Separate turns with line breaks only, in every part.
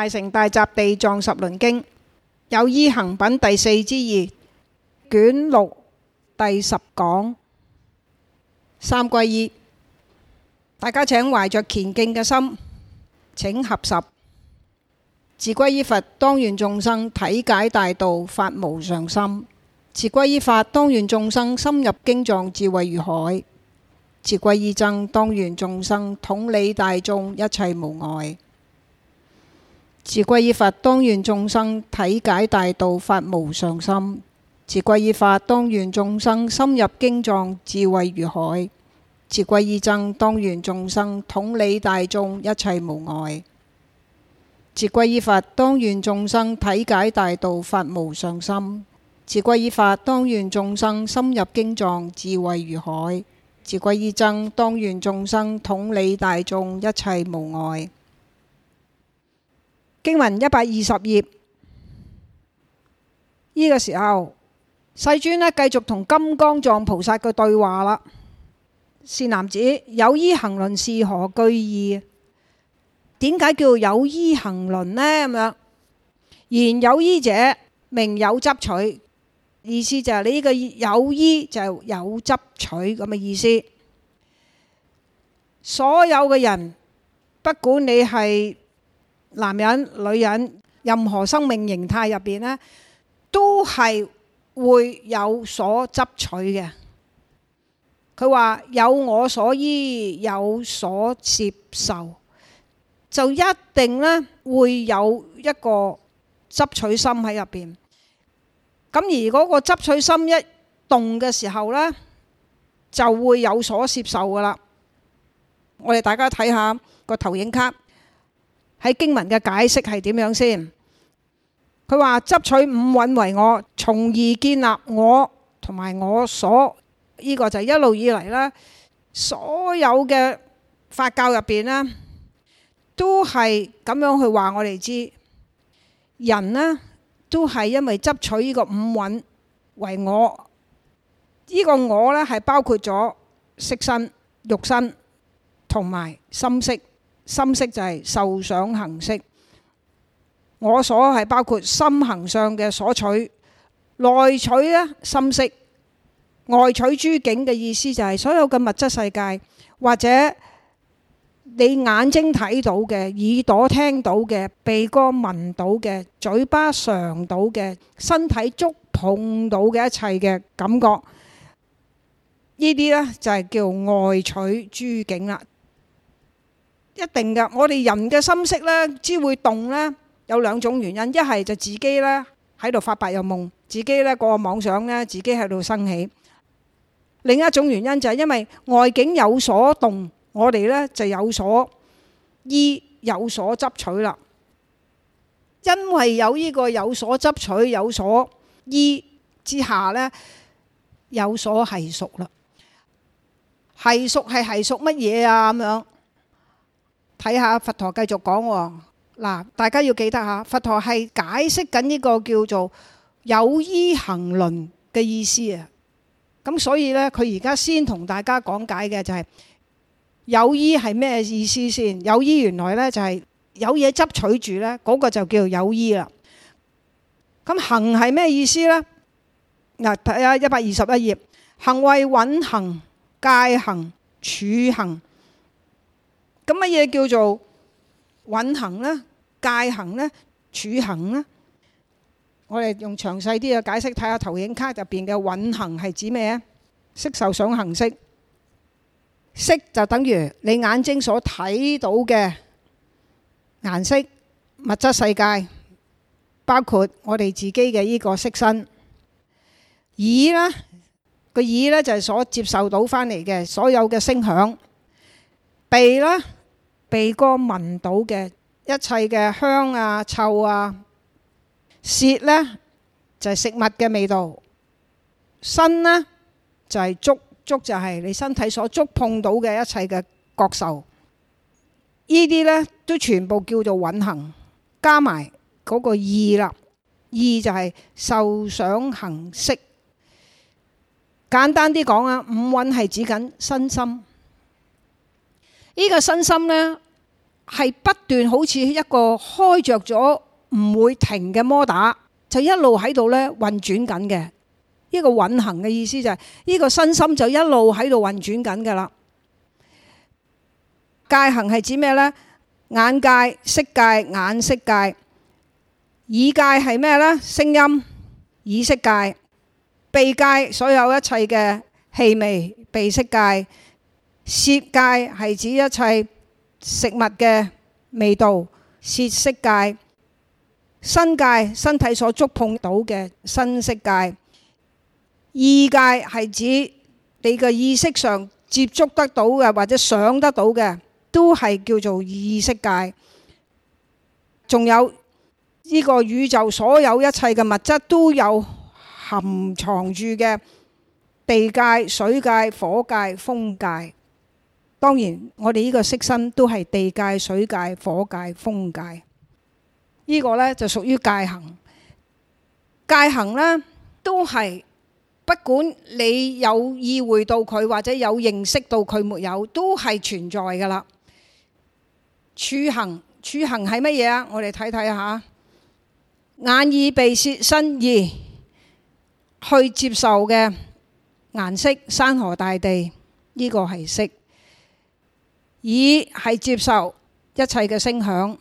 大乘大集地藏十輪經，有依行品第四之二，卷六，第十講。三皈依，大家請懷着虔敬嘅心，請合十。自歸依佛，當願眾生體解大道，發無上心；自歸依法，當願眾生深入經藏，智慧如海；自歸依僧，當願眾生統理大眾，一切無礙。自歸依佛，當願眾生體解大道，發無上心；自歸依法，當願眾生深入經藏，智慧如海；自歸依僧，當願眾生統理大眾，一切無礙。自歸依佛，當願眾生體解大道，發無上心；自歸依法，當願眾生深入經藏，智慧如海；自歸依僧，當願眾生統理大眾，一切無礙。經文一百二十頁，呢、這個時候世尊咧繼續同金剛藏菩薩嘅對話啦。善男子，有依行輪是何句意？點解叫有依行輪呢？」咁樣，言有依者，名有執取。意思就係你呢個有依就係有執取咁嘅意思。所有嘅人，不管你係。男人、女人，任何生命形態入邊呢，都係會有所執取嘅。佢話有我所依，有所攝受，就一定呢會有一個執取心喺入邊。咁而嗰個執取心一動嘅時候呢，就會有所攝受㗎喇。我哋大家睇下個投影卡。喺經文嘅解釋係點樣先？佢話執取五蘊為我，從而建立我同埋我所。呢個就一路以嚟啦，所有嘅佛教入邊啦，都係咁樣去話我哋知人呢，都係因為執取呢個五蘊為我。呢個我呢，係包括咗色身、肉身同埋心識。心識就係受想行識，我所係包括心行上嘅所取，內取咧心識，外取諸境嘅意思就係所有嘅物質世界或者你眼睛睇到嘅、耳朵聽到嘅、鼻哥聞到嘅、嘴巴嘗到嘅、身體觸碰到嘅一切嘅感覺，呢啲咧就係叫外取諸境啦。一定㗎，我哋人嘅心識咧，之會動咧，有兩種原因。一係就自己咧喺度發白日夢，自己咧個妄想咧，自己喺度生起。另一種原因就係因為外境有所動，我哋咧就有所依有所執取啦。因為有呢個有所執取、有所依之下咧，有所繫屬啦。繫屬係繫屬乜嘢啊？咁樣。睇下佛陀繼續講喎，嗱，大家要記得吓，佛陀係解釋緊呢個叫做有依行輪嘅意思啊。咁所以呢，佢而家先同大家講解嘅就係有依係咩意思先？有依原來呢，就係有嘢執取住呢嗰個就叫有依啦。咁行係咩意思呢？嗱，睇下一百二十一頁，行謂蘊行、界行、處行。咁乜嘢叫做蘊行呢？界行呢？處行呢？我哋用詳細啲嘅解釋睇下投影卡入邊嘅蘊行係指咩啊？色受想行識，色就等於你眼睛所睇到嘅顏色、物質世界包括我哋自己嘅呢個色身。耳啦，個耳呢就係、是、所接受到返嚟嘅所有嘅聲響。鼻啦。鼻哥聞到嘅一切嘅香啊、臭啊，舌呢，就係、是、食物嘅味道，身呢，就係觸，觸就係你身體所觸碰到嘅一切嘅覺受。呢啲呢，都全部叫做蘊行，加埋嗰個意啦，意就係受想行識。簡單啲講啊，五蘊係指緊身心。呢個身心呢，係不斷好似一個開着咗唔會停嘅摩打，就一路喺度呢運轉緊嘅。呢、呢個運行嘅意思就係、是、呢、呢個身心就一路喺度運轉緊嘅啦。界行係指咩呢？眼界、色界、眼色界；耳界係咩呢？聲音、耳色界；鼻界所有一切嘅氣味、鼻色界。舌界係指一切食物嘅味道，舌識界、身界、身體所觸碰到嘅身識界，意界係指你嘅意識上接觸得到嘅或者想得到嘅，都係叫做意識界。仲有呢、這個宇宙所有一切嘅物質都有含藏住嘅地界、水界、火界、風界。當然，我哋呢個色身都係地界、水界、火界、風界。呢個呢就屬於界行。界行呢都係，不管你有意會到佢，或者有認識到佢沒有，都係存在噶啦。處行，處行係乜嘢啊？我哋睇睇下，眼耳鼻舌身意去接受嘅顏色、山河大地，呢個係色。耳係接受一切嘅聲響，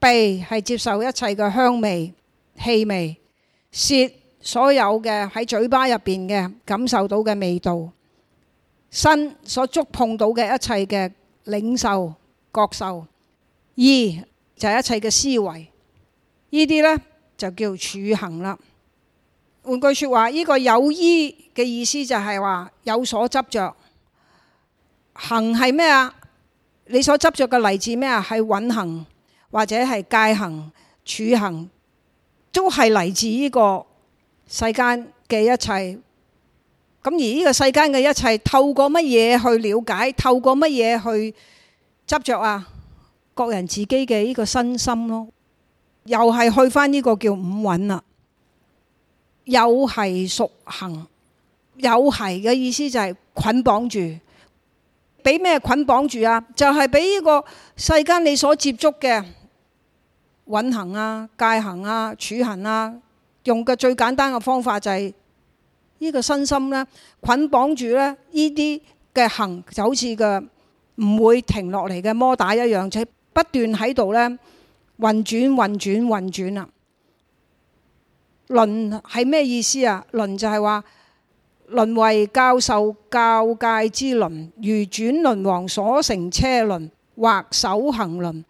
鼻係接受一切嘅香味、氣味，舌所有嘅喺嘴巴入邊嘅感受到嘅味道，身所觸碰到嘅一切嘅領受、覺受，意就係一切嘅思維，呢啲呢，就叫處行啦。換句說話，呢個有依嘅意思就係話有所執着。行係咩啊？你所執着嘅嚟自咩啊？係蘊行或者係界行、處行，都係嚟自呢個世間嘅一切。咁而呢個世間嘅一切，透過乜嘢去了解？透過乜嘢去執着啊？各人自己嘅呢個身心咯，又係去返呢個叫五蘊啦，又係繫屬行，有繫嘅意思就係捆綁住。俾咩捆綁住啊？就係俾呢個世間你所接觸嘅蘊行啊、界行啊、處行啊，用嘅最簡單嘅方法就係呢個身心咧捆綁住咧，呢啲嘅行就好似個唔會停落嚟嘅摩打一樣，就不斷喺度咧運轉、運轉、運轉啊。輪係咩意思啊？輪就係話。輪為教授教誡之輪，如轉輪王所乘車輪，或首行輪，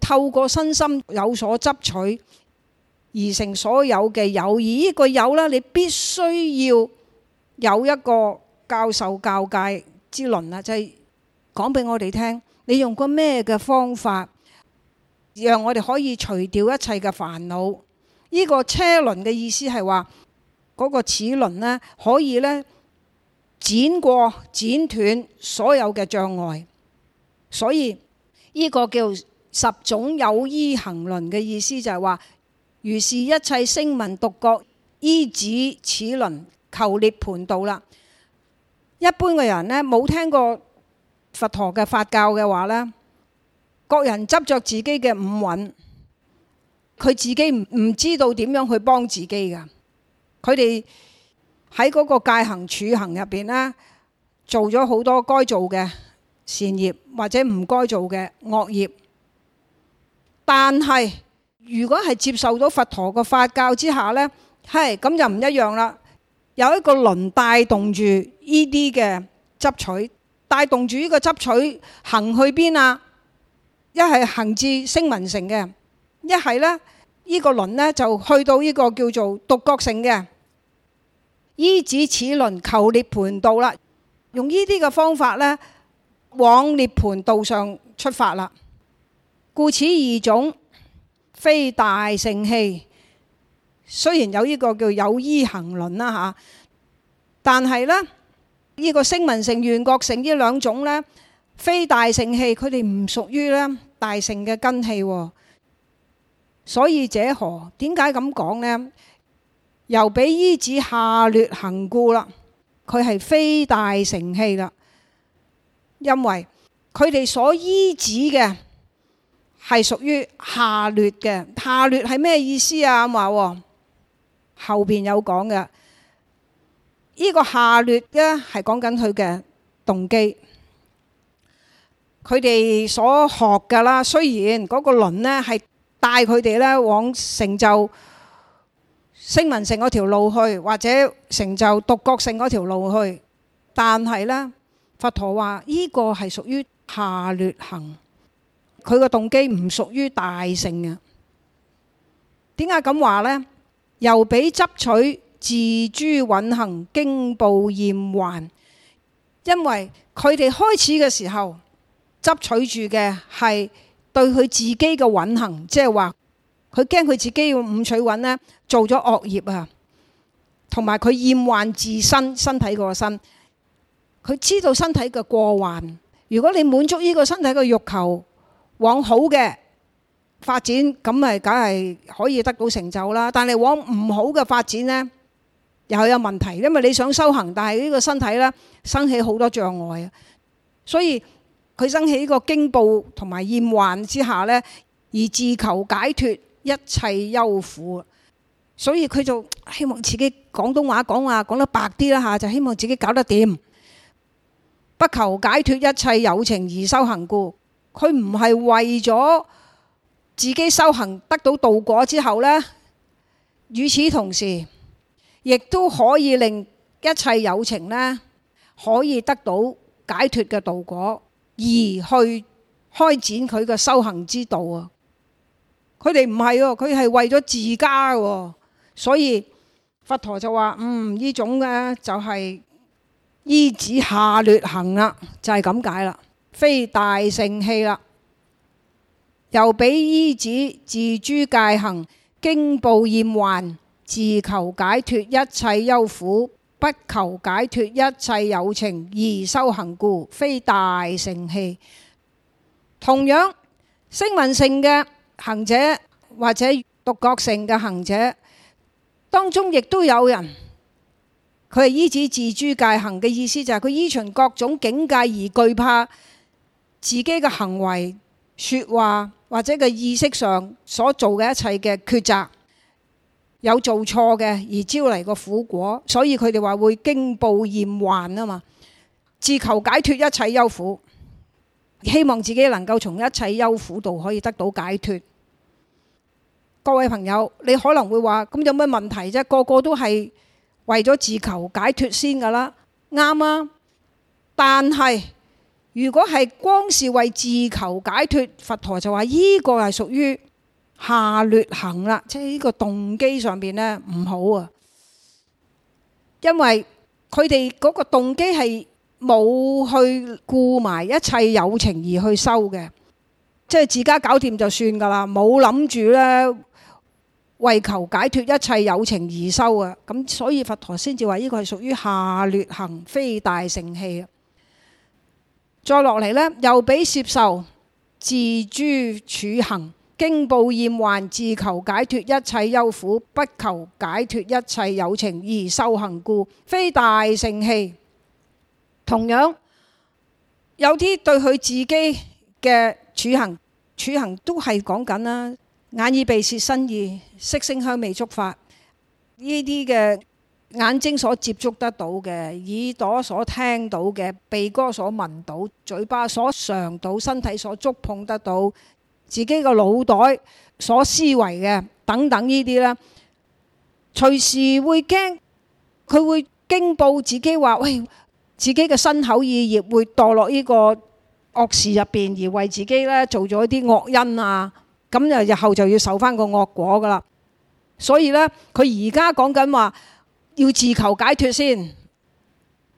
透過身心有所執取而成所有嘅有而呢個有」呢，你必須要有一個教授教誡之輪啦，就係講俾我哋聽，你用個咩嘅方法讓我哋可以除掉一切嘅煩惱？呢、這個車輪嘅意思係話。嗰個齒輪呢，可以呢剪過剪斷所有嘅障礙，所以呢、呢個叫十種有依行輪嘅意思就係話，如是，一切聲聞獨覺依止齒輪求涅盤道啦。一般嘅人呢，冇聽過佛陀嘅法教嘅話呢，各人執着自己嘅五蘊，佢自己唔唔知道點樣去幫自己噶。佢哋喺嗰個界行處行入邊呢，做咗好多該做嘅善業，或者唔該做嘅惡業。但係如果係接受到佛陀嘅法教之下呢，係咁就唔一樣啦。有一個輪帶動住呢啲嘅執取，帶動住呢個執取行去邊啊？一係行至聲聞城嘅，一係呢，呢、呢個輪呢就去到呢個叫做獨覺城嘅。依止此輪求涅槃道啦，用呢啲嘅方法呢，往涅槃道上出發啦。故此二種非大乘器，雖然有呢個叫有依行輪啦吓，但係呢，呢、這個聲聞乘、緣覺乘呢兩種呢，非大乘器，佢哋唔屬於呢大乘嘅根器。所以何麼者何點解咁講呢？由彼依止下劣行故啦，佢係非大乘器啦。因為佢哋所依止嘅係屬於下劣嘅，下劣係咩意思啊？話後邊有講嘅，呢、這個下劣咧係講緊佢嘅動機，佢哋所學嘅啦，雖然嗰個輪呢係帶佢哋咧往成就，聲聞乘嗰條路去，或者成就獨覺乘嗰條路去，但係呢，佛陀話呢，呢個係屬於下劣行，佢個動機唔屬於大乘嘅。點解咁話呢？由彼執取自諸蘊行驚怖厭患，因為佢哋開始嘅時候執取住嘅係對佢自己嘅蘊行，即係話。佢驚佢自己要五取蘊呢，做咗惡業啊，同埋佢厭患自身身體個身。佢知道身體嘅過患。如果你滿足呢個身體嘅欲求，往好嘅發展，咁咪梗係可以得到成就啦。但係往唔好嘅發展呢，又有問題，因為你想修行，但係呢個身體呢，生起好多障礙啊。所以佢生起呢個驚怖同埋厭患之下呢，而自求解脫一切憂苦，所以佢就希望自己廣東話講話講得白啲啦吓，就希望自己搞得掂。不求解脱一切有情而修行故，佢唔係為咗自己修行得到道果之後呢，與此同時，亦都可以令一切有情呢可以得到解脱嘅道果，而去開展佢嘅修行之道啊！佢哋唔係哦，佢係為咗自家喎，所以佛陀就話：嗯，呢種嘅就係依止下劣行啦，就係咁解啦，非大乘器啦。由彼依止自諸界行，驚怖厭患，自求解脫一切憂苦，不求解脫一切有情而修行故，非大乘器。同樣，聲聞性嘅。行者或者獨覺性嘅行者，當中亦都有人，佢係依止自諸界行，嘅意思就係佢依循各種境界而懼怕自己嘅行為、説話或者嘅意識上所做嘅一切嘅抉擇，有做錯嘅而招嚟個苦果，所以佢哋話會驚怖厭患啊嘛，自求解脱一切憂苦，希望自己能夠從一切憂苦度可以得到解脱。各位朋友，你可能會話：咁有咩問題啫？個個都係為咗自求解脱先噶啦，啱啊！但係如果係光是為自求解脱，佛陀就話：依個係屬於下劣行啦，即係呢個動機上邊呢，唔好啊，因為佢哋嗰個動機係。冇去顧埋一切有情而去修嘅，即係自家搞掂就算噶啦，冇諗住呢，為求解脱一切有情而修啊！咁所以佛陀先至話：呢個係屬於下劣行，非大乘器。再落嚟呢，又俾接受自諸處行驚怖厭患，自求解脱一切憂苦，不求解脱一切有情而修行故，非大乘器。同樣有啲對佢自己嘅處行處行都係講緊啦。眼耳鼻舌身意，色聲香味觸法，呢啲嘅眼睛所接觸得到嘅，耳朵所聽到嘅，鼻哥所聞到，嘴巴所嘗到，身體所觸碰得到，自己個腦袋所思維嘅，等等呢啲咧，隨時會驚佢會驚怖自己話喂，自己嘅身口意業會墮落呢個惡事入邊，而為自己咧做咗啲惡因啊，咁就日後就要受翻個惡果噶啦。所以呢，佢而家講緊話要自求解脫先，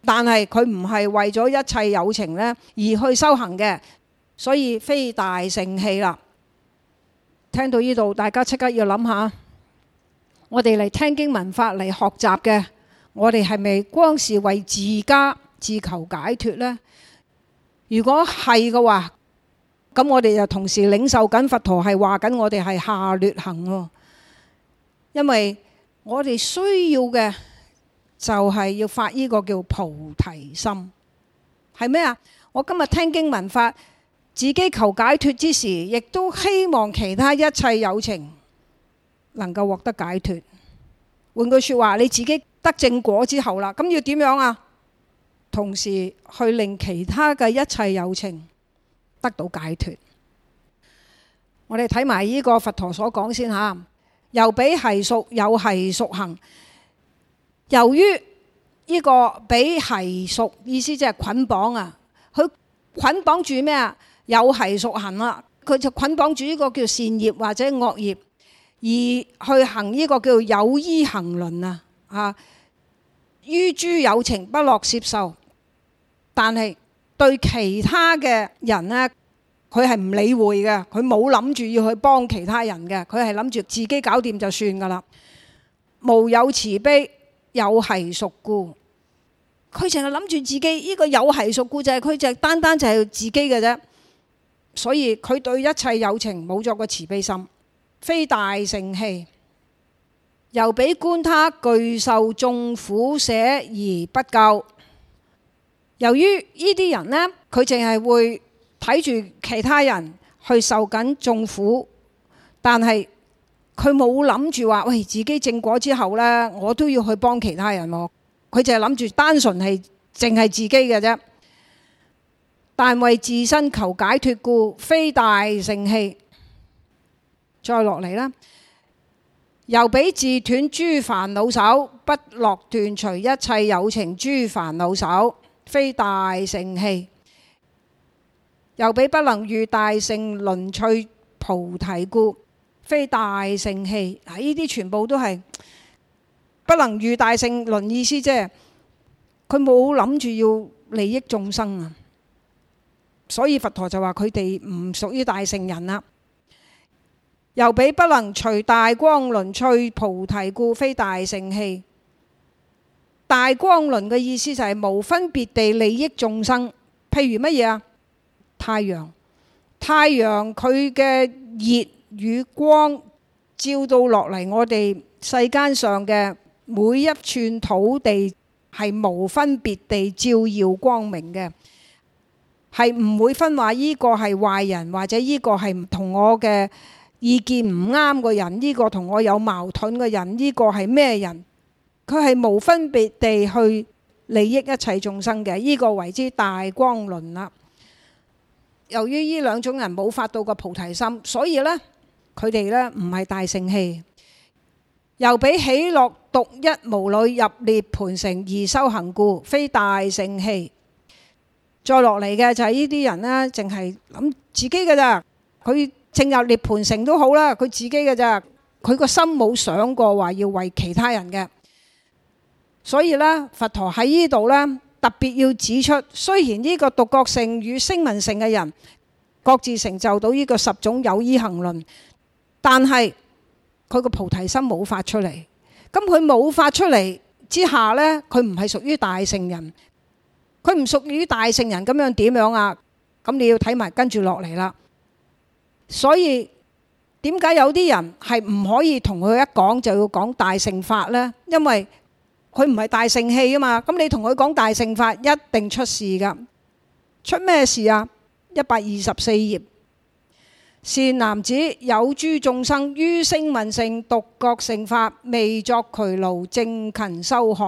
但係佢唔係為咗一切有情呢而去修行嘅，所以非大成器啦。聽到呢度，大家即刻要諗下，我哋嚟聽經文法嚟學習嘅，我哋係咪光是為自家？自求解脫呢？如果係嘅話，咁我哋就同時領受緊佛陀係話緊，我哋係下劣行喎。因為我哋需要嘅就係要發呢個叫菩提心，係咩啊？我今日聽經聞法，自己求解脫之時，亦都希望其他一切有情能夠獲得解脫。換句說話，你自己得正果之後啦，咁要點樣啊？同時去令其他嘅一切有情得到解脫。我哋睇埋呢個佛陀所講先吓，由彼繫屬，有繫屬行。由於呢、這個彼繫屬，意思即係捆綁啊，佢捆綁住咩啊？有繫屬行啦，佢就捆綁住呢個叫善業或者惡業，而去行呢個叫有依行輪啊。啊，於諸有情不樂攝受。但係對其他嘅人呢，佢係唔理會嘅，佢冇諗住要去幫其他人嘅，佢係諗住自己搞掂就算噶啦。無有慈悲，有繫屬故，佢淨係諗住自己。呢、這個有繫屬故就係佢就單單就係自己嘅啫，所以佢對一切有情冇作過慈悲心，非大乘器。由彼觀他具受眾苦捨而不救。由於呢啲人呢，佢淨係會睇住其他人去受緊眾苦，但係佢冇諗住話喂，自己正果之後呢，我都要去幫其他人。佢淨係諗住單純係淨係自己嘅啫。但為自身求解脫故，非大乘器。再落嚟啦，由彼自斷諸煩惱首，不樂斷除一切有情諸煩惱首。非大乘器，由彼不能馭大乘輪趣菩提故，非大乘器。嗱，呢啲全部都係不能馭大乘輪意思，即係佢冇諗住要利益眾生啊。所以佛陀就話佢哋唔屬於大乘人啦。由彼不能隨大光輪趣菩提故，非大乘器。大光輪嘅意思就係無分別地利益眾生。譬如乜嘢啊？太陽，太陽佢嘅熱與光照到落嚟，我哋世間上嘅每一寸土地係無分別地照耀光明嘅，係唔會分話依個係壞人，或者依個係唔同我嘅意見唔啱嘅人，呢個同我有矛盾嘅人，呢個係咩人？佢係無分別地去利益一切眾生嘅，呢個為之大光輪啦。由於呢兩種人冇發到個菩提心，所以呢佢哋呢唔係大乘器，由彼喜樂獨一無侶入涅槃城而修行故，非大乘器。再落嚟嘅就係呢啲人呢，淨係諗自己嘅咋。佢進入涅槃城都好啦，佢自己嘅咋。佢個心冇想過話要為其他人嘅。所以呢，佛陀喺呢度呢，特別要指出，雖然呢個獨覺性與聲聞性嘅人各自成就到呢個十種有依行輪，但係佢個菩提心冇發出嚟。咁佢冇發出嚟之下呢，佢唔係屬於大乘人，佢唔屬於大乘人。咁樣點樣啊？咁你要睇埋跟住落嚟啦。所以點解有啲人係唔可以同佢一講就要講大乘法呢？因為佢唔係大乘器啊嘛，咁你同佢講大乘法一定出事㗎。出咩事啊？一百二十四頁，善男子有諸眾生於聲聞乘獨覺乘法未作劬勞正勤修學。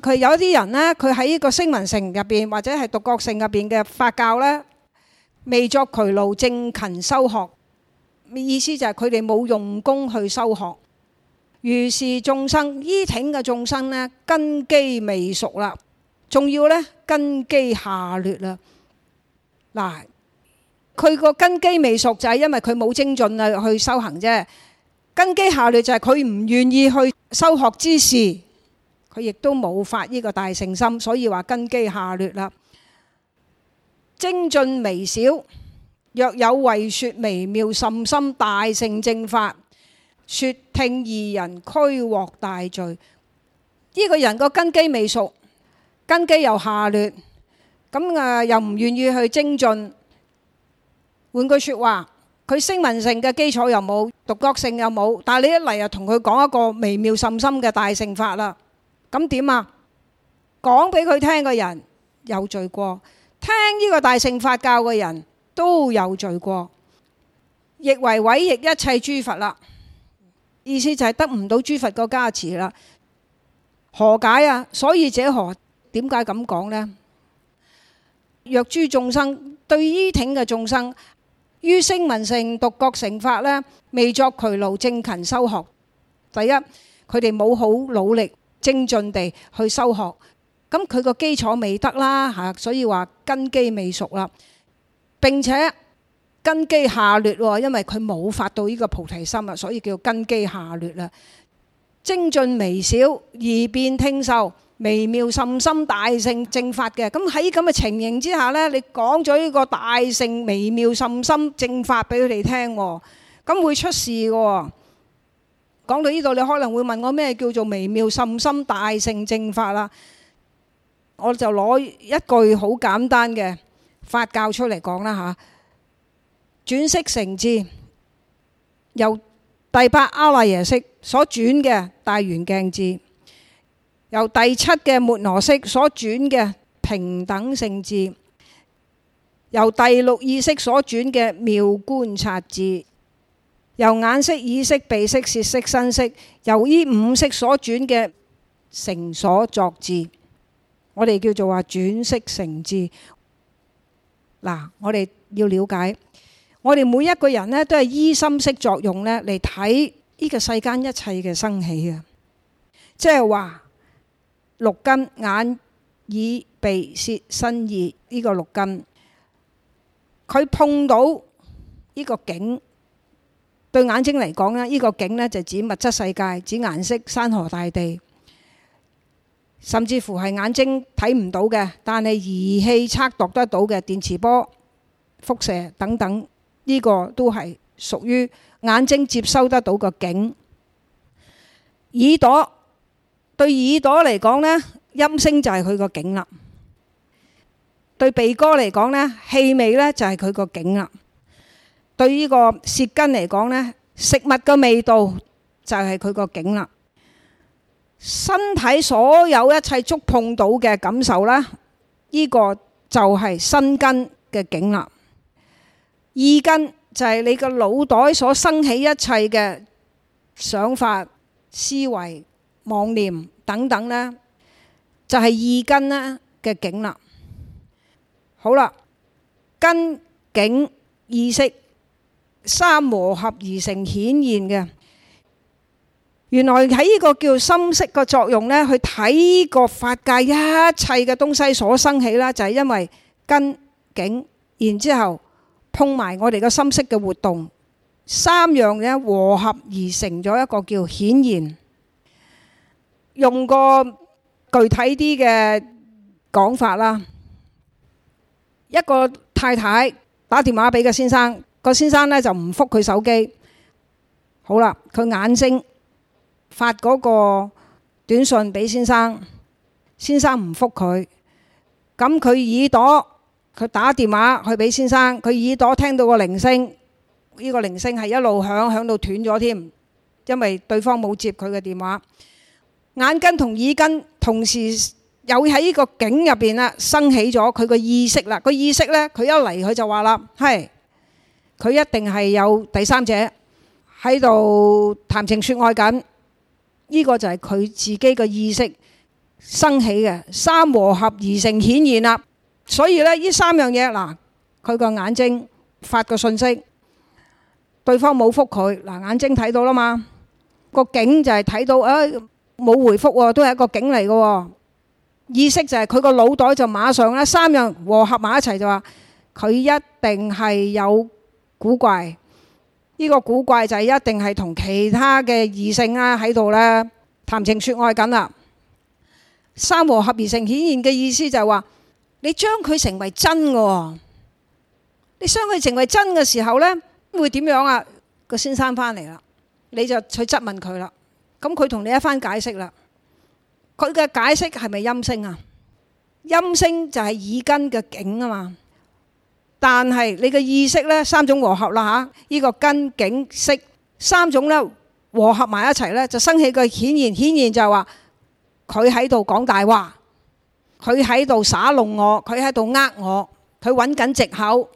佢有啲人呢，佢喺呢個聲聞乘入邊或者係獨覺乘入邊嘅法教呢，未作劬勞正勤修學。意思就係佢哋冇用功去修學。如是眾生依挺嘅眾生呢，根基未熟喇，仲要呢，根基下劣喇。說聽二人，俱獲大罪。呢個人個根基未熟，根基又下劣，咁啊又唔願意去精進。換句說話，佢聲聞乘嘅基礎又冇，獨覺乘又冇。但係你一嚟又同佢講一個微妙甚深嘅大乘法啦。咁點啊？講俾佢聽嘅人有罪過，聽呢個大乘法教嘅人都有罪過，亦為違逆一切諸佛啦。意思就係得唔到諸佛個加持啦，何解啊？所以者何點解咁講咧？若諸眾生對依聽嘅眾生於聲聞乘獨覺乘法咧，未作劬勞正勤修學，第一佢哋冇好努力精進地去修學，咁佢個基礎未得啦吓，所以話根基未熟啦，並且。根基下劣，因為佢冇發到呢個菩提心啊，所以叫根基下劣啦。精進微少，而便聽受，微妙甚深大乘正法嘅。咁喺咁嘅情形之下呢，你講咗呢個大乘微妙甚深正法俾佢哋聽，咁會出事嘅。講到呢度，你可能會問我咩叫做微妙甚深大乘正法啦？我就攞一句好簡單嘅法教出嚟講啦吓。轉識成智，由第八阿賴耶識所轉嘅大圓鏡智，由第七嘅末羅識所轉嘅平等性智，由第六意識所轉嘅妙觀察智，由眼識、耳識、鼻識、舌識、身識，由呢五識所轉嘅成所作智，我哋叫做話轉識成智。嗱，我哋要了解。我哋每一個人呢，都係依心識作用呢嚟睇呢個世間一切嘅生起啊。即係話六根眼、耳、鼻、舌、身、意，呢個六根佢碰到呢個景，對眼睛嚟講呢，呢個景呢，就指物質世界，指顏色、山河大地，甚至乎係眼睛睇唔到嘅，但係儀器測度得到嘅電磁波、輻射等等。呢個都係屬於眼睛接收得到嘅境，耳朵對耳朵嚟講呢，音聲就係佢個境啦；對鼻哥嚟講呢，氣味呢就係佢個境啦；對呢個舌根嚟講呢，食物嘅味道就係佢個境啦。身體所有一切觸碰到嘅感受呢，呢個就係身根嘅境啦。意根就係你個腦袋所生起一切嘅想法、思維、妄念等等呢就係意根呢嘅境啦。好啦，根、境、意識三和合而成顯現嘅，原來喺呢個叫心識個作用呢，去睇個法界一切嘅東西所生起啦，就係、是、因為根、境，然之後。碰埋我哋嘅心識嘅活動，三樣嘢和合而成咗一個叫顯現。用個具體啲嘅講法啦，一個太太打電話俾個先生，個先生呢就唔覆佢手機。好啦，佢眼睛發嗰個短信俾先生，先生唔覆佢，咁佢耳朵。佢打電話去俾先生，佢耳朵聽到個鈴聲，呢個鈴聲係一路響響到斷咗添，因為對方冇接佢嘅電話。眼根同耳根同時又喺呢個境入邊啦，生起咗佢個意識啦。個意識呢，佢一嚟佢就話啦：係佢一定係有第三者喺度談情説愛緊。呢個就係佢自己個意識生起嘅三和合而成顯現啦。所以呢，呢三樣嘢嗱，佢個眼睛發個訊息，對方冇覆佢嗱，眼睛睇到啦嘛，個境就係睇到、哎、覆啊冇回覆都係一個境嚟嘅意識，就係佢個腦袋就馬上咧三樣和合埋一齊，就話佢一定係有古怪。呢、這個古怪就係一定係同其他嘅異性啊喺度咧談情説愛緊啦。三和合而成，顯現嘅意思就係話。你將佢成為真嘅，哦，你將佢成為真嘅時候呢，會點樣啊？個先生返嚟啦，你就去質問佢啦。咁佢同你一番解釋啦，佢嘅解釋係咪音聲啊？音聲就係耳根嘅境啊嘛。但係你嘅意識呢，三種和合啦吓，呢個根、景、色三種呢和合埋一齊呢，就生起個顯現。顯現就係話佢喺度講大話。佢喺度耍弄我，佢喺度呃我，佢揾緊藉口，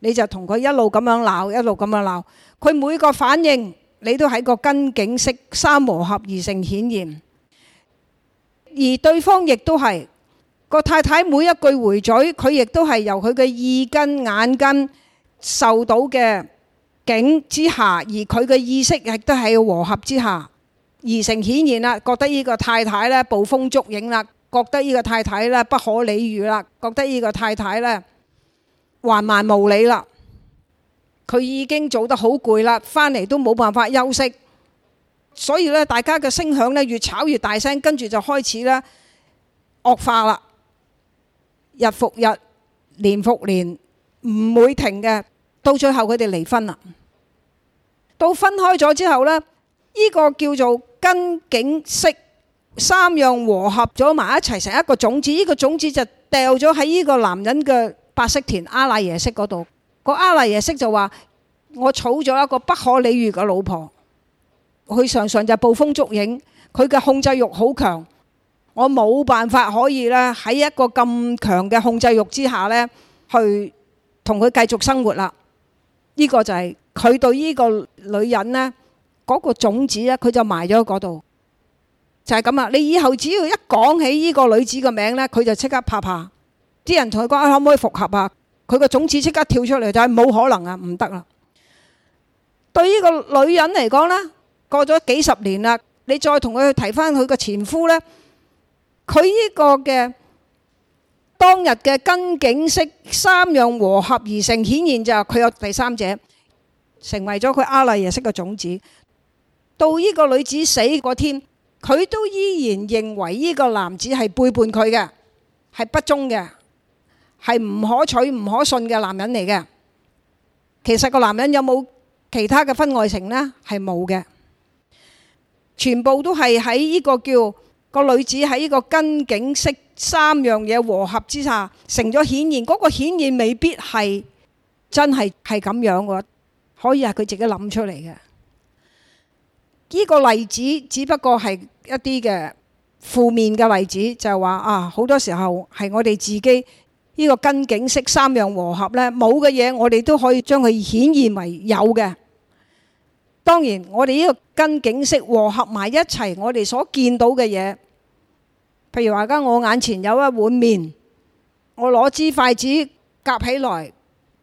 你就同佢一路咁樣鬧，一路咁樣鬧。佢每個反應，你都喺個根境識三和合而成顯現。而對方亦都係個太太每一句回嘴，佢亦都係由佢嘅耳根、眼根受到嘅景之下，而佢嘅意識亦都喺個和合之下而成顯現啦。覺得呢個太太呢，捕風捉影啦。覺得呢個太太咧不可理喻啦，覺得呢個太太咧橫蠻無理啦，佢已經做得好攰啦，返嚟都冇辦法休息，所以咧大家嘅聲響咧越吵越大聲，跟住就開始咧惡化啦，日復日，年復年，唔會停嘅，到最後佢哋離婚啦。到分開咗之後咧，呢個叫做跟景式。三樣和合咗埋一齊，成一個種子。呢個種子就掉咗喺呢個男人嘅白色田阿賴耶識嗰度。個阿賴耶識就話：我儲咗一個不可理喻嘅老婆，佢常常就暴風捉影，佢嘅控制欲好強。我冇辦法可以呢喺一個咁強嘅控制欲之下呢，去同佢繼續生活啦。呢個就係佢對呢個女人呢，嗰個種子呢，佢就埋咗喺嗰度。就係咁啊！你以後只要一講起呢個女子嘅名呢，佢就即刻怕怕。啲人同佢講：可唔可以復合啊？佢個種子即刻跳出嚟，就係冇可能啊，唔得啦！對於呢個女人嚟講呢，過咗幾十年啦，你再同佢去提翻佢個前夫呢，佢呢個嘅當日嘅根境識三樣和合而成，顯現就係佢有第三者，成為咗佢阿賴耶識嘅種子。到呢個女子死嗰天。佢都依然認為呢個男子係背叛佢嘅，係不忠嘅，係唔可取、唔可信嘅男人嚟嘅。其實個男人有冇其他嘅婚外情呢？係冇嘅，全部都係喺呢個叫個女子喺呢個根境識三樣嘢和合之下成咗顯現。嗰個顯現未必係真係係咁樣嘅，可以係佢自己諗出嚟嘅。呢個例子只不過係。一啲嘅負面嘅例子就係話啊，好多時候係我哋自己呢個根景色三樣和合呢，冇嘅嘢，我哋都可以將佢顯現為有嘅。當然，我哋呢個根景色和合埋一齊，我哋所見到嘅嘢，譬如話而家我眼前有一碗麵，我攞支筷子夾起來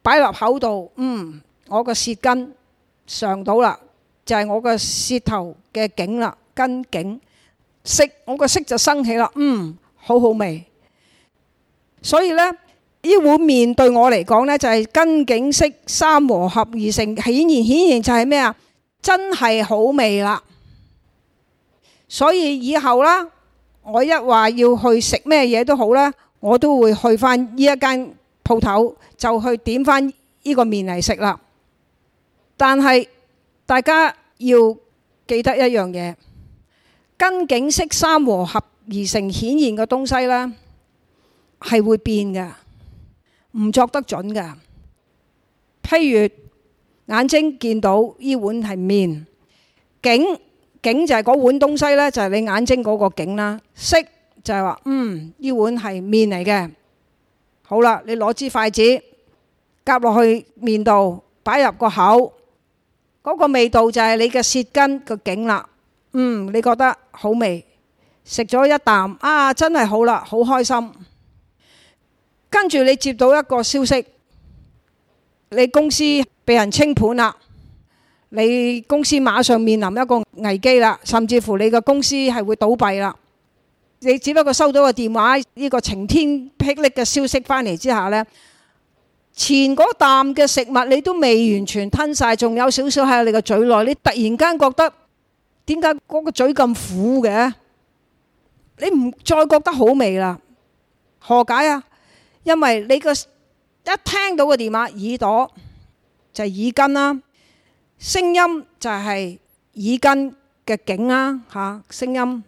擺入口度，嗯，我個舌根上到啦，就係我個舌頭嘅景啦，根景。色，我個色就生起啦。嗯，好好味。所以呢，呢碗麵對我嚟講呢，就係根境識三和合而成，顯然顯然就係咩啊？真係好味啦。所以以後啦，我一話要去食咩嘢都好啦，我都會去翻呢一間鋪頭，就去點翻呢個麵嚟食啦。但係大家要記得一樣嘢。根景色三和合而成顯現嘅東西呢，係會變嘅，唔作得準嘅。譬如眼睛見到依碗係麵，景景就係嗰碗東西呢，就係你眼睛嗰個景啦。色就係話，嗯，依碗係麵嚟嘅。好啦，你攞支筷子夾落去麵度，擺入個口，嗰個味道就係你嘅舌根個景啦。嗯，你覺得好味，食咗一啖啊，真係好啦，好開心。跟住你接到一個消息，你公司被人清盤啦，你公司馬上面臨一個危機啦，甚至乎你嘅公司係會倒閉啦。你只不過收到個電話，呢個晴天霹靂嘅消息返嚟之下呢，前嗰啖嘅食物你都未完全吞晒，仲有少少喺你個嘴內，你突然間覺得。點解嗰個嘴咁苦嘅？你唔再覺得好味啦？何解啊？因為你個一聽到個電話，耳朵就是、耳根啦、啊，聲音就係耳根嘅景啦嚇。聲、啊、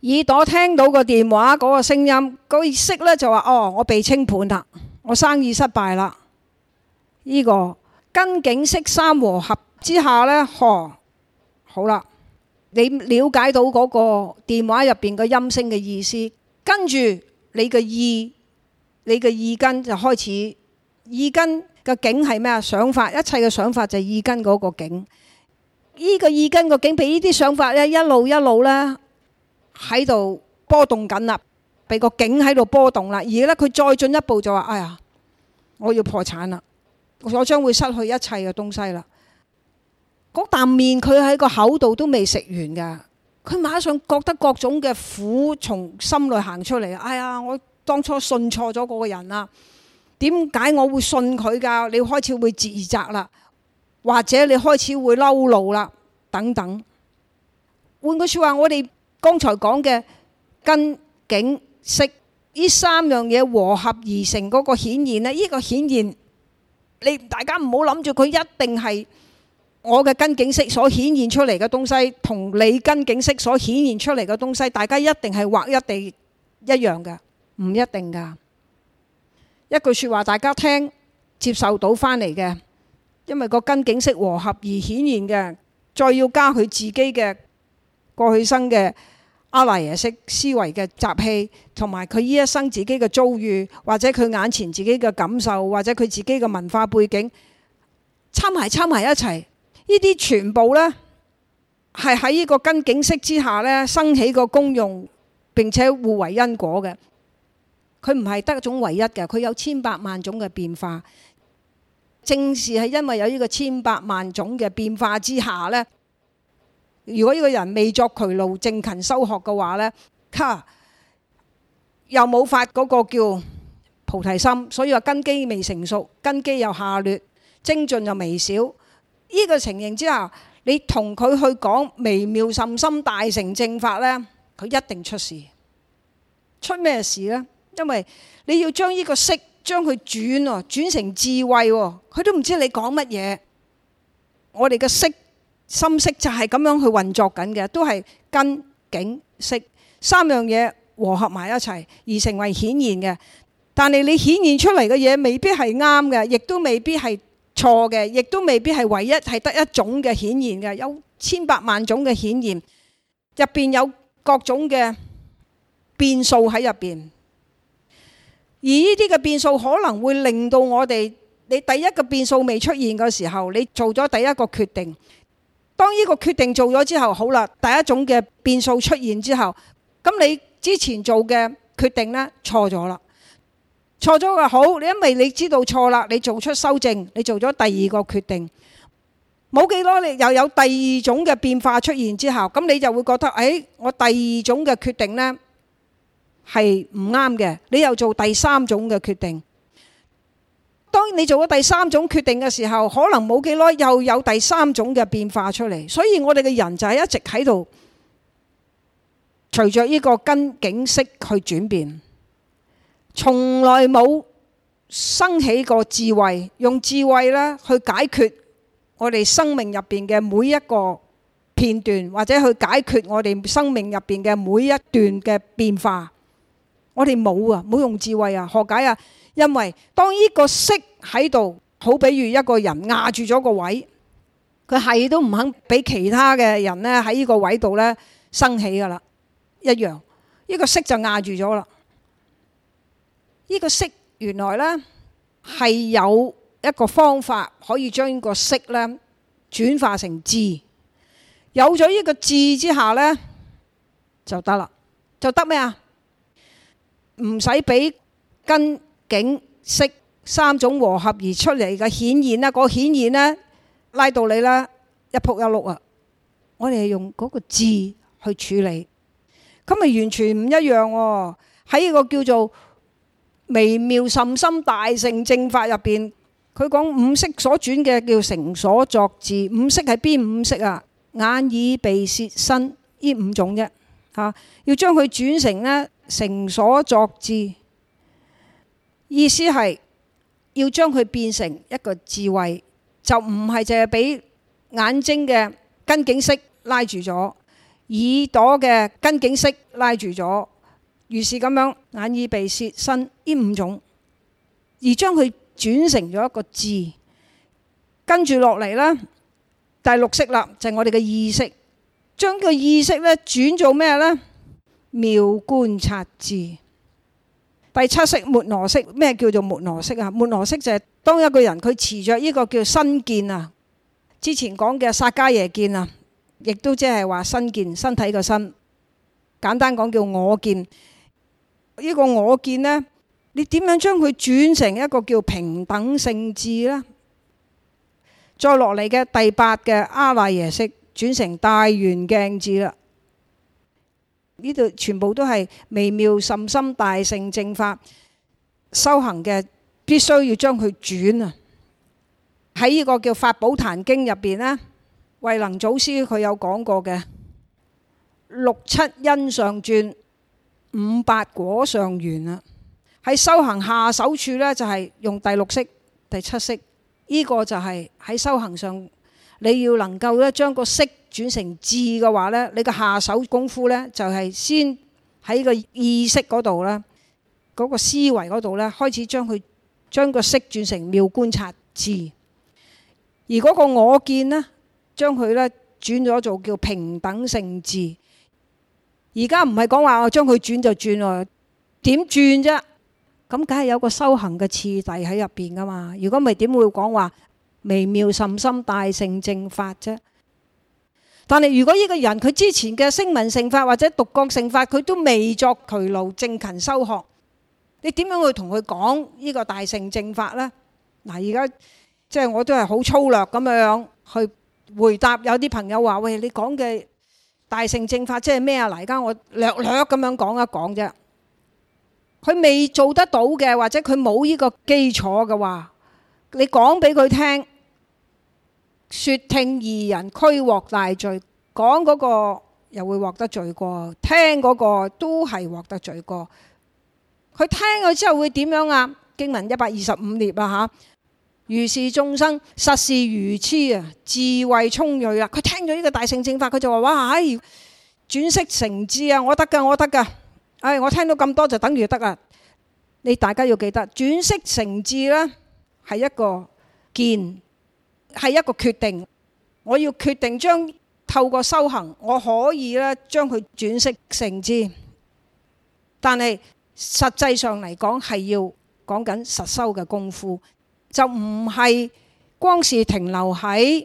音耳朵聽到個電話嗰、那個聲音嗰意識咧就話：哦，我被清盤啦，我生意失敗啦。呢、這個根景識三和合之下呢，呵。好啦，你了解到嗰個電話入邊嘅音聲嘅意思，跟住你嘅意，你嘅意根就開始，意根嘅境係咩啊？想法，一切嘅想法就係意根嗰個境。呢個意根個境被呢啲想法咧一路一路咧喺度波動緊啦，被個境喺度波動啦，而家咧佢再進一步就話：哎呀，我要破產啦，我將會失去一切嘅東西啦。嗰啖麵佢喺個口度都未食完㗎，佢馬上覺得各種嘅苦從心裏行出嚟。哎呀，我當初信錯咗嗰個人啊！點解我會信佢㗎？你開始會自責啦，或者你開始會嬲怒啦，等等。換句説話，我哋剛才講嘅根、境、識呢三樣嘢和合而成嗰個顯現呢，呢個顯現，你大家唔好諗住佢一定係。我嘅根境色所顯現出嚟嘅東西，同你根境色所顯現出嚟嘅東西，大家一定係畫一地一樣嘅？唔一定噶。一句説話，大家聽接受到翻嚟嘅，因為個根境色和合而顯現嘅，再要加佢自己嘅過去生嘅阿賴耶識思維嘅習氣，同埋佢呢一生自己嘅遭遇，或者佢眼前自己嘅感受，或者佢自己嘅文化背景，參埋參埋一齊。呢啲全部呢，係喺呢個根境識之下呢，生起個功用，並且互為因果嘅。佢唔係得一種唯一嘅，佢有千百萬種嘅變化。正是係因為有呢個千百萬種嘅變化之下呢，如果呢個人未作劬勞正勤修學嘅話呢，哈，又冇發嗰個叫菩提心，所以話根基未成熟，根基又下劣，精進又微少。呢個情形之下，你同佢去講微妙甚深大乘正法咧，佢一定出事。出咩事咧？因為你要將呢個識，將佢轉哦，轉成智慧喎，佢都唔知你講乜嘢。我哋嘅識、心識就係咁樣去運作緊嘅，都係根、境、識三樣嘢和合埋一齊而成為顯現嘅。但係你顯現出嚟嘅嘢，未必係啱嘅，亦都未必係錯嘅，亦都未必係唯一，係得一種嘅顯現嘅，有千百萬種嘅顯現，入邊有各種嘅變數喺入邊，而呢啲嘅變數可能會令到我哋，你第一個變數未出現嘅時候，你做咗第一個決定，當呢個決定做咗之後，好啦，第一種嘅變數出現之後，咁你之前做嘅決定呢，錯咗啦。錯咗嘅，好，你因為你知道錯啦，你做出修正，你做咗第二個決定，冇幾耐你又有第二種嘅變化出現之後，咁你就會覺得，誒，我第二種嘅決定呢，係唔啱嘅，你又做第三種嘅決定。當你做咗第三種決定嘅時候，可能冇幾耐又有第三種嘅變化出嚟，所以我哋嘅人就係一直喺度，隨着呢個跟景色去轉變。從來冇生起過智慧，用智慧咧去解決我哋生命入邊嘅每一個片段，或者去解決我哋生命入邊嘅每一段嘅變化。我哋冇啊，冇用智慧啊，何解啊？因為當呢個識喺度，好比如一個人壓住咗個位，佢係都唔肯俾其他嘅人咧喺呢個位度咧生起噶啦，一樣呢個識就壓住咗啦。呢個色原來呢係有一個方法可以將呢個色呢轉化成字，有咗呢個字之下呢，就得啦，就得咩啊？唔使俾根、景、色三種和合而出嚟嘅顯現啦，嗰個顯現呢拉到你呢一仆一碌啊！我哋係用嗰個字去處理，咁咪完全唔一樣喎，哦。喺呢個叫做，微妙甚深大乘正法入面,佢講五識所轉嘅叫成所作智,五識係邊五識啊?如是咁樣眼耳鼻舌身呢五種，而將佢轉成咗一個智。跟住落嚟咧，第六識啦，就係我哋嘅意識，將個意識咧轉做咩咧？妙觀察智。第七識末那識，咩叫做末那識啊？末那識就係當一個人佢持著呢個叫身見啊，之前講嘅薩迦耶見啊，亦都即係話身見身體嘅身，簡單講叫我見。呢個我見呢，你點樣將佢轉成一個叫平等性智呢？再落嚟嘅第八嘅阿賴耶識轉成大圓鏡智啦。呢度全部都係微妙甚深大乘正法修行嘅，必須要將佢轉啊！喺呢個叫《法寶壇經》入邊呢，慧能祖師佢有講過嘅六七因上轉。五八果上圓啦，喺修行下手處呢，就係用第六識、第七識。呢、這個就係喺修行上你要能夠咧將個識轉成智嘅話呢，你嘅下手功夫呢，就係先喺個意識嗰度啦，嗰、那個思維嗰度呢，開始將佢將個識轉成妙觀察智。而嗰個我見呢，將佢呢轉咗做叫平等性智。而家唔係講話我將佢轉就轉哦，點轉啫？咁梗係有個修行嘅次第喺入邊噶嘛？如果唔係，點會講話微妙甚深大乘正法啫？但係如果呢個人佢之前嘅聲聞乘法或者獨覺乘法，佢都未作劬勞正勤修學，你點樣去同佢講呢個大乘正法呢？嗱，而家即係我都係好粗略咁樣去回答，有啲朋友話：喂，你講嘅。大乘正法即係咩啊？嚟家我略略咁樣講一講啫。佢未做得到嘅，或者佢冇呢個基礎嘅話，你講俾佢聽，說聽二人俱獲大罪，講嗰個又會獲得罪過，聽嗰個都係獲得罪過。佢聽咗之後會點樣啊？經文一百二十五列啊，吓。如是眾生，實是愚癡啊！智慧聰銳啊！佢聽咗呢個大乘正法，佢就話：哇！唉，轉識成智啊！我得㗎，我得㗎！唉、哎，我聽到咁多就等於得啦。你大家要記得，轉識成智呢係一個見，係一個決定。我要決定將透過修行，我可以呢將佢轉識成智。但係實際上嚟講，係要講緊實修嘅功夫。就唔係光是停留喺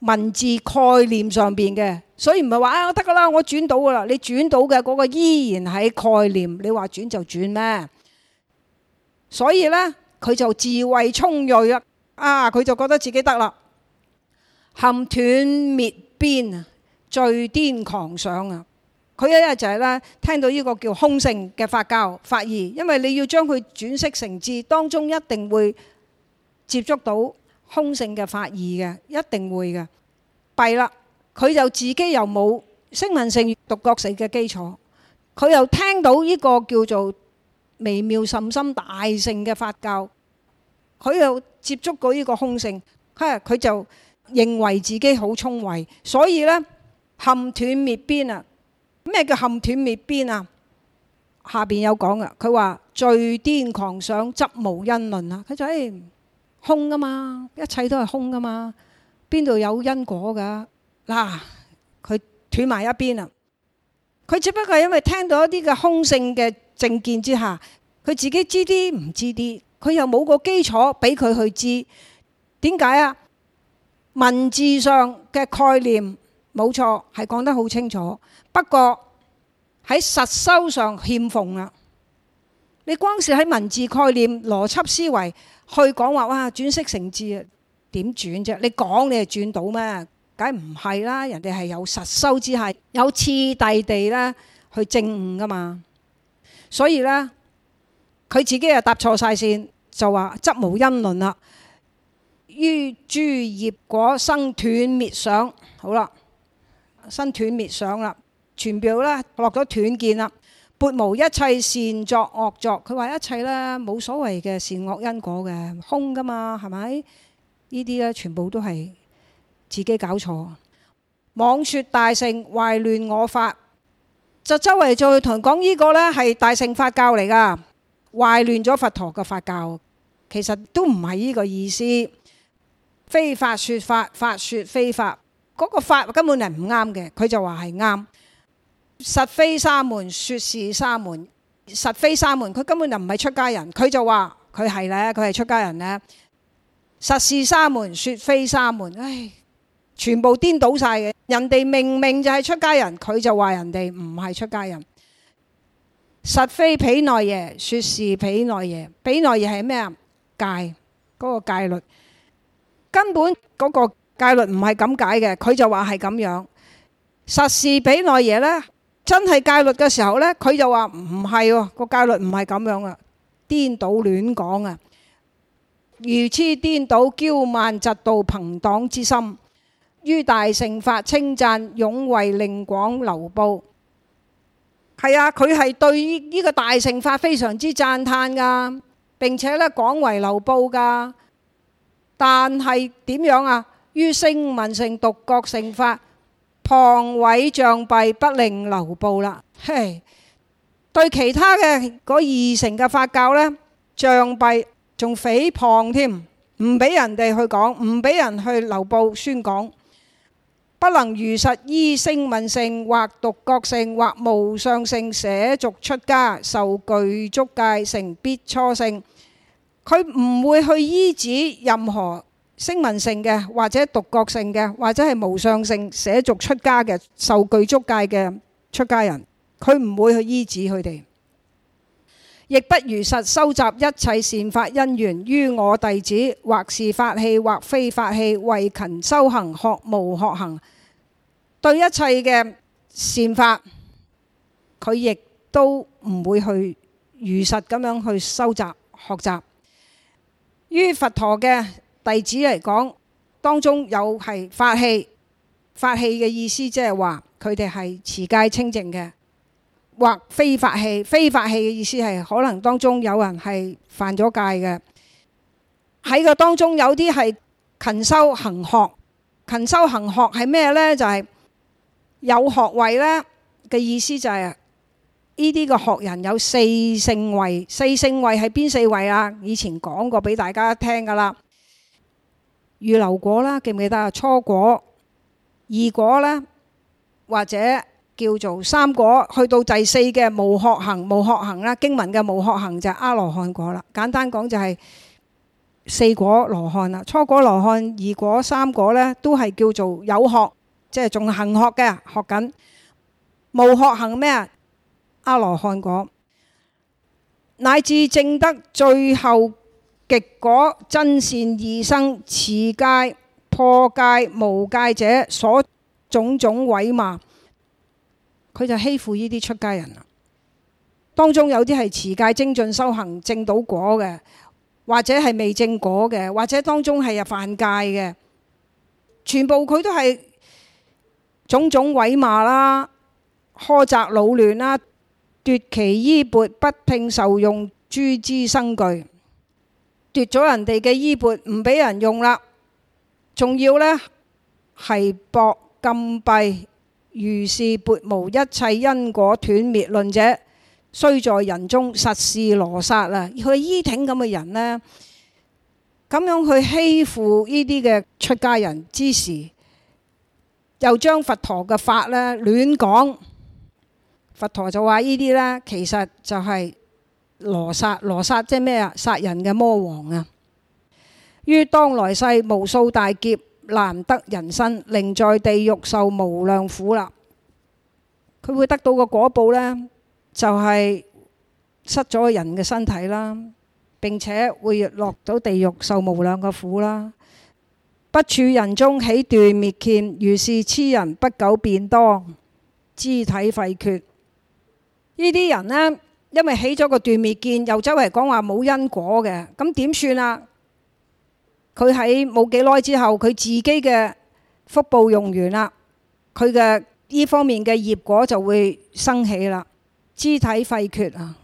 文字概念上邊嘅，所以唔係話啊，我得噶啦，我轉到噶啦，你轉到嘅嗰個依然喺概念，你話轉就轉咩？所以咧，佢就智慧聰叡啊，啊佢就覺得自己得啦，陷斷滅邊啊，墜顛狂想啊！佢有一日就係咧聽到呢個叫空性嘅法教法義，因為你要將佢轉識成智，當中一定會。接觸到空性嘅法義嘅，一定會嘅。弊啦，佢就自己又冇聲聞性、獨覺性嘅基礎，佢又聽到呢個叫做微妙甚深大乘嘅法教，佢又接觸過呢個空性，嚇佢就認為自己好聰慧，所以呢陷斷滅邊啊！咩叫陷斷滅邊啊？下邊有講噶，佢話墜顛狂想執無因論啊！佢就誒。空噶嘛，一切都係空噶嘛，邊度有因果噶？嗱，佢斷埋一邊啊。佢只不過係因為聽到一啲嘅空性嘅正見之下，佢自己知啲唔知啲，佢又冇個基礎俾佢去知。點解啊？文字上嘅概念冇錯，係講得好清楚，不過喺實修上欠奉啊。你光是喺文字概念、邏輯思維。去講話哇轉識成智啊，點轉啫？你講你係轉到咩？梗唔係啦，人哋係有實修之係，有次第地咧去證悟噶嘛。所以咧，佢自己又搭錯晒線，就話執無因論啦。於諸業果生斷滅想，好啦，生斷滅想啦，全表啦，落咗斷見啦。撥無一切善作惡作，佢話一切咧冇所謂嘅善惡因果嘅空噶嘛，係咪？呢啲呢，全部都係自己搞錯。妄說大乘壞亂我法，就周圍再同人講呢個呢，係大乘法教嚟噶，壞亂咗佛陀嘅法教，其實都唔係呢個意思。非法說法，法說非法，嗰個法根本係唔啱嘅，佢就話係啱。實非沙門，說是沙門，實非沙門，佢根本就唔係出家人，佢就話佢係呢，佢係出家人呢。實是沙門，說非沙門，唉，全部顛倒晒嘅。人哋明明就係出家人，佢就話人哋唔係出家人。實非毗奈耶，說是毗奈耶，毗奈耶係咩啊？戒，嗰個戒律，根本嗰個戒律唔係咁解嘅，佢就話係咁樣。實是毗奈耶呢。真係戒律嘅時候呢，佢就話唔係喎，個、啊、戒律唔係咁樣啊，顛倒亂講啊，愚癡顛倒，憍慢嫉妒，朋黨之心，於大乘法稱讚，擁衛令廣流布。係啊，佢係對呢個大乘法非常之讚歎噶，並且呢廣為流布噶。但係點樣啊？於聲聞乘獨覺乘法。謗毀障蔽，不令流布啦！嘿，對其他嘅嗰二乘嘅法教咧，障蔽仲詆譭添，唔俾人哋去講，唔俾人去流布宣講，不能如實依聲聞乘或獨覺乘或無上乘捨俗出家，受具足戒，成苾芻性。佢唔會去依止任何。聲聞性嘅，或者獨覺性嘅，或者係無上性、捨俗出家嘅、受具足戒嘅出家人，佢唔會去依止佢哋，亦不如實收集一切善法因緣，於我弟子，或是法器或非法器，謂勤修行學無學行，對一切嘅善法，佢亦都唔會去如實咁樣去收集學習於佛陀嘅。例子嚟講，當中有係法器，法器嘅意思即係話佢哋係持戒清淨嘅，或非法器。非法器嘅意思係可能當中有人係犯咗戒嘅。喺個當中有啲係勤修行學，勤修行學係咩呢？就係、是、有學位呢嘅意思就係呢啲嘅學人有四聖位，四聖位係邊四位啊？以前講過俾大家聽㗎啦。預流果啦，記唔記得啊？初果、二果呢？或者叫做三果，去到第四嘅無學行、無學行啦，經文嘅無學行就係阿羅漢果啦。簡單講就係四果羅漢啦。初果羅漢、二果、三果呢，都係叫做有學，即係仲行學嘅學緊。無學行咩啊？阿羅漢果，乃至證得最後極果真善異生，持戒破戒無戒者，所種種毀罵，佢就欺負呢啲出家人啦。當中有啲係持戒精進修行正到果嘅，或者係未正果嘅，或者當中係入犯戒嘅，全部佢都係種種毀罵啦，呵責惱亂啦，奪其衣缽，不聽受用，諸資生具。奪咗人哋嘅衣缽，唔俾人用啦，仲要呢，繫縛禁閉，如是撥無一切因果斷滅論者，雖在人中，實是羅剎啊！去依挺咁嘅人呢，咁樣去欺負呢啲嘅出家人之時，又將佛陀嘅法呢亂講，佛陀就話呢啲呢，其實就係、是。羅剎，羅剎即係咩啊？殺人嘅魔王啊！於當來世無數大劫，難得人身，寧在地獄受無量苦啦。佢會得到個果報呢，就係、是、失咗人嘅身體啦，並且會落到地獄受無量嘅苦啦。不處人中，起斷滅見，如是痴人不久便當，肢體廢缺。呢啲人呢。因為起咗個斷滅見，又周圍講話冇因果嘅，咁點算啊？佢喺冇幾耐之後，佢自己嘅福報用完啦，佢嘅呢方面嘅業果就會生起啦，肢體廢缺啊，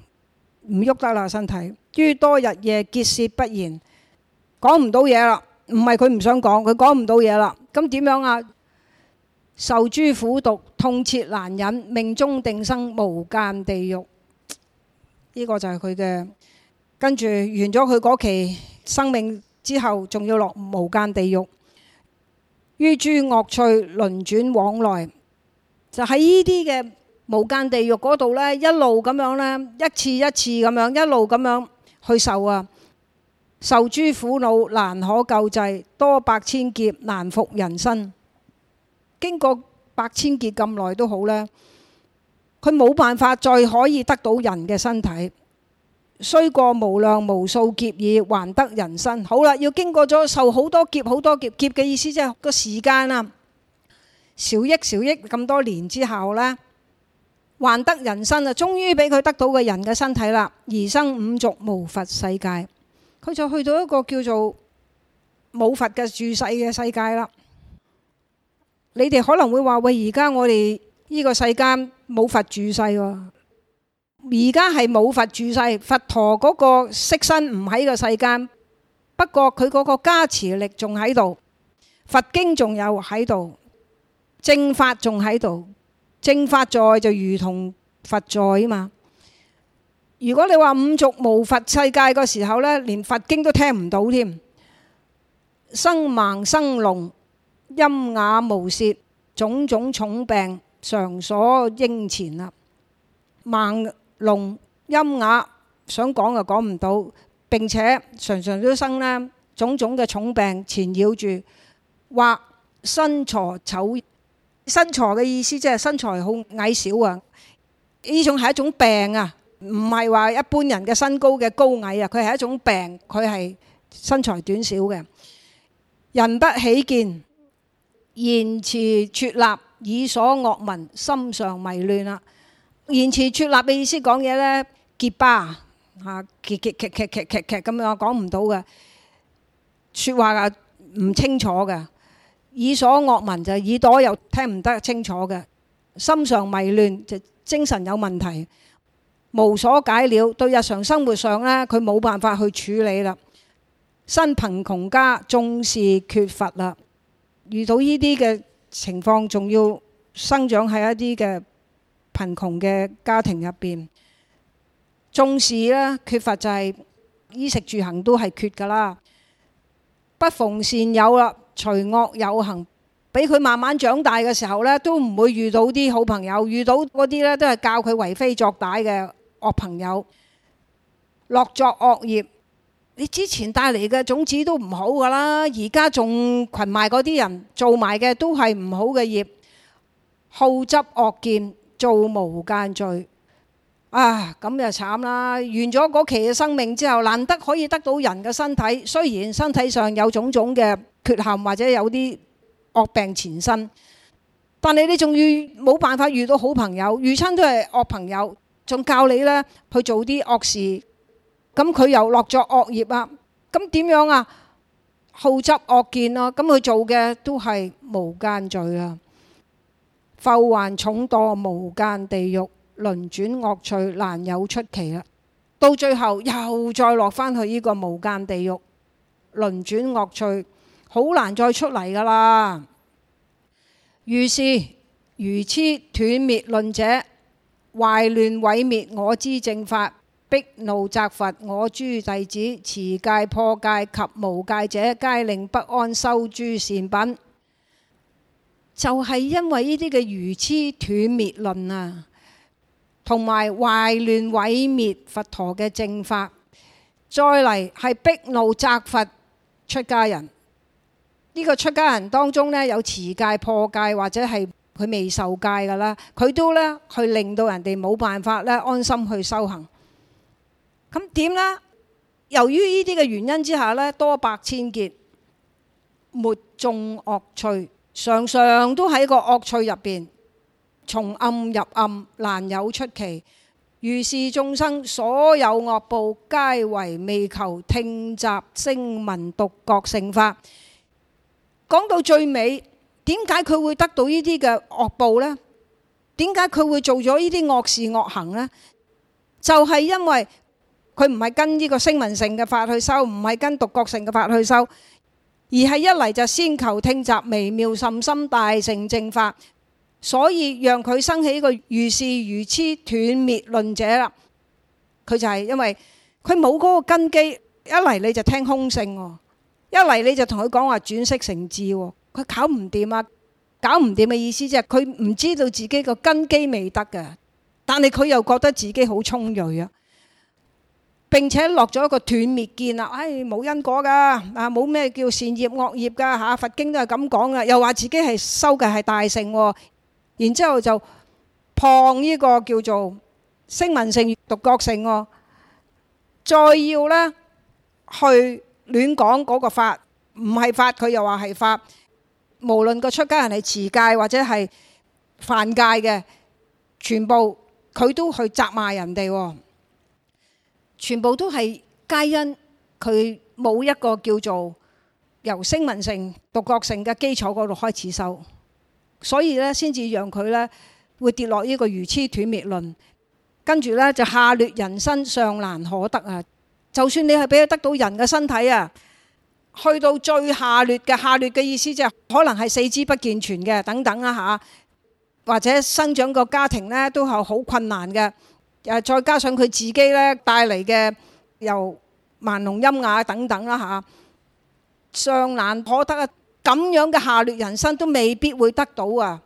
唔喐得啦，身體。於多日夜結舌不言，講唔到嘢啦。唔係佢唔想講，佢講唔到嘢啦。咁點樣啊？受諸苦毒，痛切難忍，命終定生無間地獄。呢個就係佢嘅，跟住完咗佢嗰期生命之後，仲要落無間地獄，於諸惡趣輪轉往來。就喺呢啲嘅無間地獄嗰度呢，一路咁樣呢，一次一次咁樣，一路咁樣去受啊，受諸苦惱，難可救濟，多百千劫難復人生人身。經過百千劫咁耐都好咧。佢冇辦法再可以得到人嘅身體，雖過無量無數劫已，還得人身。好啦，要經過咗受好多劫，好多劫，劫嘅意思即係個時間啊，少億少億咁多年之後咧，還得人身啊，終於俾佢得到個人嘅身體啦，而生五濁無佛世界，佢就去到一個叫做冇佛嘅住世嘅世界啦。你哋可能會話喂，而家我哋。呢個世間冇佛住世喎，而家係冇佛住世。佛陀嗰個色身唔喺個世間，不過佢嗰個加持力仲喺度，佛經仲有喺度，正法仲喺度，正法在就如同佛在啊嘛。如果你話五濁無佛世界個時候呢，連佛經都聽唔到添，生盲生聾、瘖瘂無舌、種種重病。常所嬰纏啦，盲聾瘖啞，想講又講唔到，並且常常都生呢種種嘅重病纏繞住，或身矬醜，身矬嘅意思即係身材好矮小啊！呢種係一種病啊，唔係話一般人嘅身高嘅高矮啊，佢係一種病，佢係身材短小嘅。人不喜見，言辭拙訥。耳所惡聞，心常迷亂啦。言辭拙訥嘅意思講嘢咧，結巴啊，吓，結結結結結結結咁樣講唔到嘅，說話啊唔清楚嘅。耳所惡聞就耳朵又聽唔得清楚嘅，心常迷亂就精神有問題，無所解了。對日常生活上咧，佢冇辦法去處理啦。生貧窮家眾事缺乏啦，遇到呢啲嘅，情況仲要生長喺一啲嘅貧窮嘅家庭入邊，眾事咧缺乏就係衣食住行都係缺㗎啦，不逢善友啦，隨惡友行，俾佢慢慢長大嘅時候呢，都唔會遇到啲好朋友，遇到嗰啲呢，都係教佢為非作歹嘅惡朋友，樂作惡業。你之前帶嚟嘅種子都唔好噶啦，而家仲群埋嗰啲人做埋嘅都係唔好嘅業，好執惡見做無間罪啊！咁就慘啦。完咗嗰期嘅生命之後，難得可以得到人嘅身體，雖然身體上有種種嘅缺陷或者有啲惡病纏身，但係你仲要冇辦法遇到好朋友，遇親都係惡朋友，仲教你呢去做啲惡事。咁佢又落咗惡業啊！咁點樣啊？好執惡見咯！咁佢做嘅都係無間罪啊！復還重墮無間地獄，輪轉惡趣難有出期啦！到最後又再落翻去呢個無間地獄，輪轉惡趣好難再出嚟噶啦！於是愚痴斷滅論者，壞亂毀滅我之正法。逼怒責罰，我諸弟子持戒破戒及無戒者，皆令不安，修諸善品。就係、是、因為呢啲嘅愚痴斷滅論啊，同埋壞亂毀滅佛陀嘅正法。再嚟係逼怒責罰出家人呢，這個出家人當中呢，有持戒破戒或者係佢未受戒噶啦，佢都呢去令到人哋冇辦法呢安心去修行。咁點咧？由於呢啲嘅原因之下咧，多百千劫，沒眾惡趣，常常都喺個惡趣入邊，從暗入暗，難有出期。如是眾生所有惡報皆為未求聽習聲聞，獨覺乘法。講到最尾，點解佢會得到呢啲嘅惡報咧？點解佢會做咗呢啲惡事惡行咧？就係因為。佢唔係跟呢個聲聞乘嘅法去修，唔係跟獨覺乘嘅法去修，而係一嚟就先求聽習微妙甚深大乘正法，所以讓佢生起一個如是愚癡斷滅論者啦。佢就係因為佢冇嗰個根基，一嚟你就聽空性喎，一嚟你就同佢講話轉識成智喎，佢搞唔掂啊！搞唔掂嘅意思就係佢唔知道自己個根基未得㗎，但係佢又覺得自己好聰叡啊！並且落咗一個斷滅見啦，唉、哎，冇因果噶，啊，冇咩叫善業惡業噶嚇，佛經都係咁講噶，又話自己係修嘅係大乘，然之後就破呢個叫做聲聞乘、獨覺乘，再要呢，去亂講嗰個法，唔係法佢又話係法，無論個出家人係持戒或者係犯戒嘅，全部佢都去責罵人哋。全部都係皆因佢冇一個叫做由聲聞乘獨覺乘嘅基礎嗰度開始修，所以咧先至讓佢咧會跌落呢個愚癡斷滅論，跟住咧就下劣人身尚難可得啊！就算你係俾佢得到人嘅身體啊，去到最下劣嘅下劣嘅意思就係、是、可能係四肢不健全嘅等等啊嚇，或者生長個家庭咧都係好困難嘅。誒，再加上佢自己呢帶嚟嘅，由盲聾瘖瘂等等啦嚇，尚難可得咁樣嘅下劣人身，都未必會得到啊！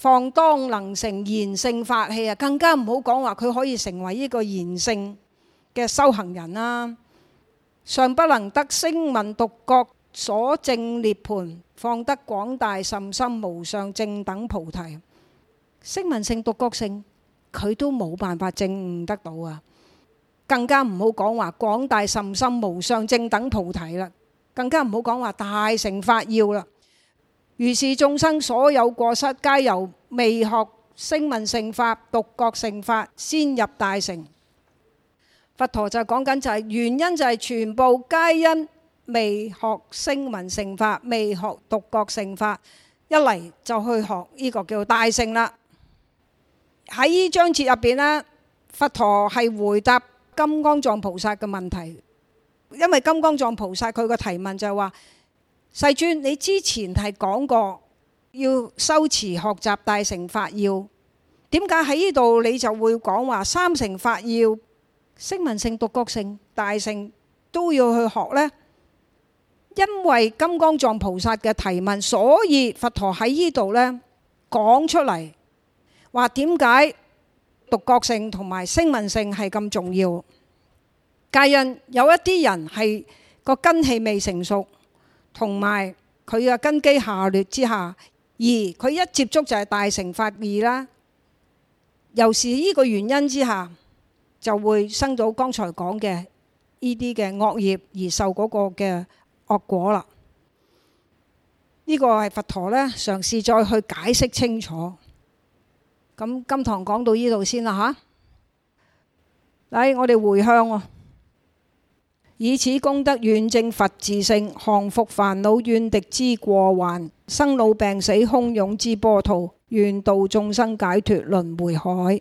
況當能成賢聖法器啊，更加唔好講話佢可以成為呢個賢聖嘅修行人啦。尚不能得聲聞獨覺所證涅槃，況得廣大甚深無上正等菩提，聲聞性獨覺性。佢都冇辦法證悟得到啊！更加唔好講話廣大甚深無上正等菩提啦，更加唔好講話大乘法要啦。如是眾生所有過失，皆由未學聲聞乘法、獨覺乘法先入大乘。佛陀就講緊就係原因就係全部皆因未學聲聞乘法、未學獨覺乘法，一嚟就去學呢個叫大乘啦。喺呢章節入邊呢，佛陀係回答金剛藏菩薩嘅問題，因為金剛藏菩薩佢個提問就係話：世尊，你之前係講過要修持學習大乘法要，點解喺呢度你就會講話三乘法要、聲聞乘、獨覺乘、大乘都要去學呢？因為金剛藏菩薩嘅提問，所以佛陀喺呢度呢講出嚟。話點解獨覺性同埋聲聞性係咁重要？皆因有一啲人係個根機未成熟，同埋佢嘅根機下劣之下，而佢一接觸就係大乘法義啦。又是呢個原因之下，就會生到剛才講嘅呢啲嘅惡業，而受嗰個嘅惡果啦。呢個係佛陀呢，嘗試再去解釋清楚。咁今堂講到呢度先啦吓，嚟我哋回向喎，以此功德願證佛自性，降伏煩惱怨敵之過患，生老病死洶湧之波濤，願度眾生解脫輪迴海。